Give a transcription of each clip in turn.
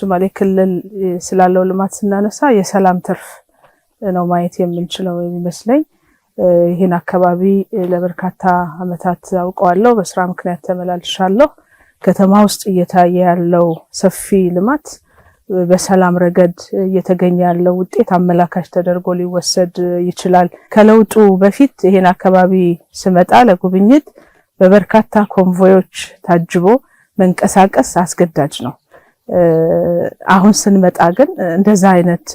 ሶማሌ ክልል ስላለው ልማት ስናነሳ የሰላም ትርፍ ነው ማየት የምንችለው የሚመስለኝ። ይህን አካባቢ ለበርካታ ዓመታት አውቀዋለሁ። በስራ ምክንያት ተመላልሻለሁ። ከተማ ውስጥ እየታየ ያለው ሰፊ ልማት በሰላም ረገድ እየተገኘ ያለው ውጤት አመላካች ተደርጎ ሊወሰድ ይችላል። ከለውጡ በፊት ይህን አካባቢ ስመጣ ለጉብኝት በበርካታ ኮንቮዮች ታጅቦ መንቀሳቀስ አስገዳጅ ነው። አሁን ስንመጣ ግን እንደዛ አይነት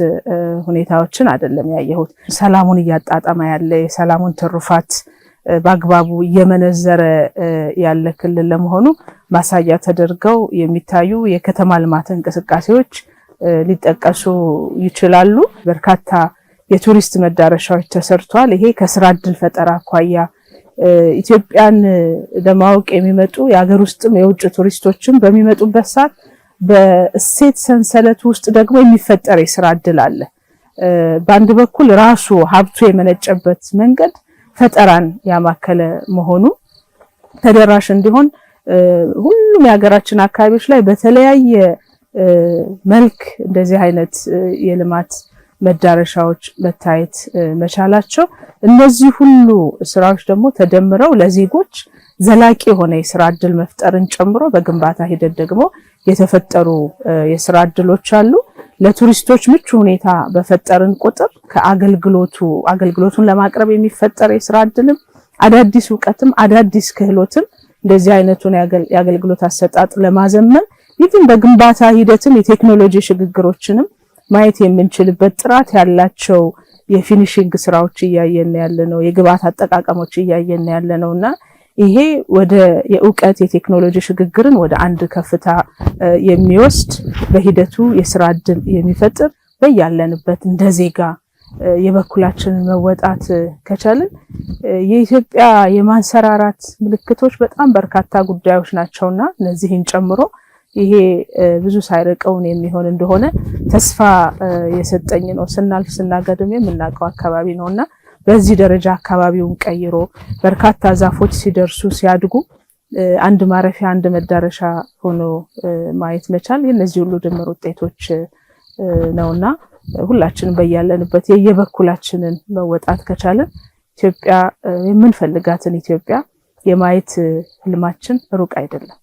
ሁኔታዎችን አይደለም ያየሁት። ሰላሙን እያጣጣመ ያለ የሰላሙን ትሩፋት በአግባቡ እየመነዘረ ያለ ክልል ለመሆኑ ማሳያ ተደርገው የሚታዩ የከተማ ልማት እንቅስቃሴዎች ሊጠቀሱ ይችላሉ። በርካታ የቱሪስት መዳረሻዎች ተሰርቷል። ይሄ ከስራ እድል ፈጠራ አኳያ ኢትዮጵያን ለማወቅ የሚመጡ የሀገር ውስጥም የውጭ ቱሪስቶችም በሚመጡበት ሰዓት በእሴት ሰንሰለት ውስጥ ደግሞ የሚፈጠር የስራ እድል አለ። በአንድ በኩል ራሱ ሀብቱ የመነጨበት መንገድ ፈጠራን ያማከለ መሆኑ ተደራሽ እንዲሆን ሁሉም የሀገራችን አካባቢዎች ላይ በተለያየ መልክ እንደዚህ አይነት የልማት መዳረሻዎች መታየት መቻላቸው እነዚህ ሁሉ ስራዎች ደግሞ ተደምረው ለዜጎች ዘላቂ የሆነ የስራ እድል መፍጠርን ጨምሮ በግንባታ ሂደት ደግሞ የተፈጠሩ የስራ እድሎች አሉ። ለቱሪስቶች ምቹ ሁኔታ በፈጠርን ቁጥር ከአገልግሎቱ አገልግሎቱን ለማቅረብ የሚፈጠር የስራ እድልም አዳዲስ እውቀትም አዳዲስ ክህሎትም እንደዚህ አይነቱን የአገልግሎት አሰጣጥ ለማዘመን ይህም በግንባታ ሂደትም የቴክኖሎጂ ሽግግሮችንም ማየት የምንችልበት ጥራት ያላቸው የፊኒሽንግ ስራዎች እያየን ያለ ነው። የግብአት አጠቃቀሞች እያየን ያለ ነው እና ይሄ ወደ የእውቀት የቴክኖሎጂ ሽግግርን ወደ አንድ ከፍታ የሚወስድ በሂደቱ የስራ እድል የሚፈጥር በያለንበት እንደ ዜጋ የበኩላችንን መወጣት ከቻልን የኢትዮጵያ የማንሰራራት ምልክቶች በጣም በርካታ ጉዳዮች ናቸውና እነዚህን ጨምሮ ይሄ ብዙ ሳይርቀውን የሚሆን እንደሆነ ተስፋ የሰጠኝ ነው። ስናልፍ ስናገድም የምናውቀው አካባቢ ነው እና በዚህ ደረጃ አካባቢውን ቀይሮ በርካታ ዛፎች ሲደርሱ ሲያድጉ አንድ ማረፊያ አንድ መዳረሻ ሆኖ ማየት መቻል የእነዚህ ሁሉ ድምር ውጤቶች ነውና ሁላችንም በያለንበት የየበኩላችንን መወጣት ከቻለን ኢትዮጵያ የምንፈልጋትን ኢትዮጵያ የማየት ህልማችን ሩቅ አይደለም።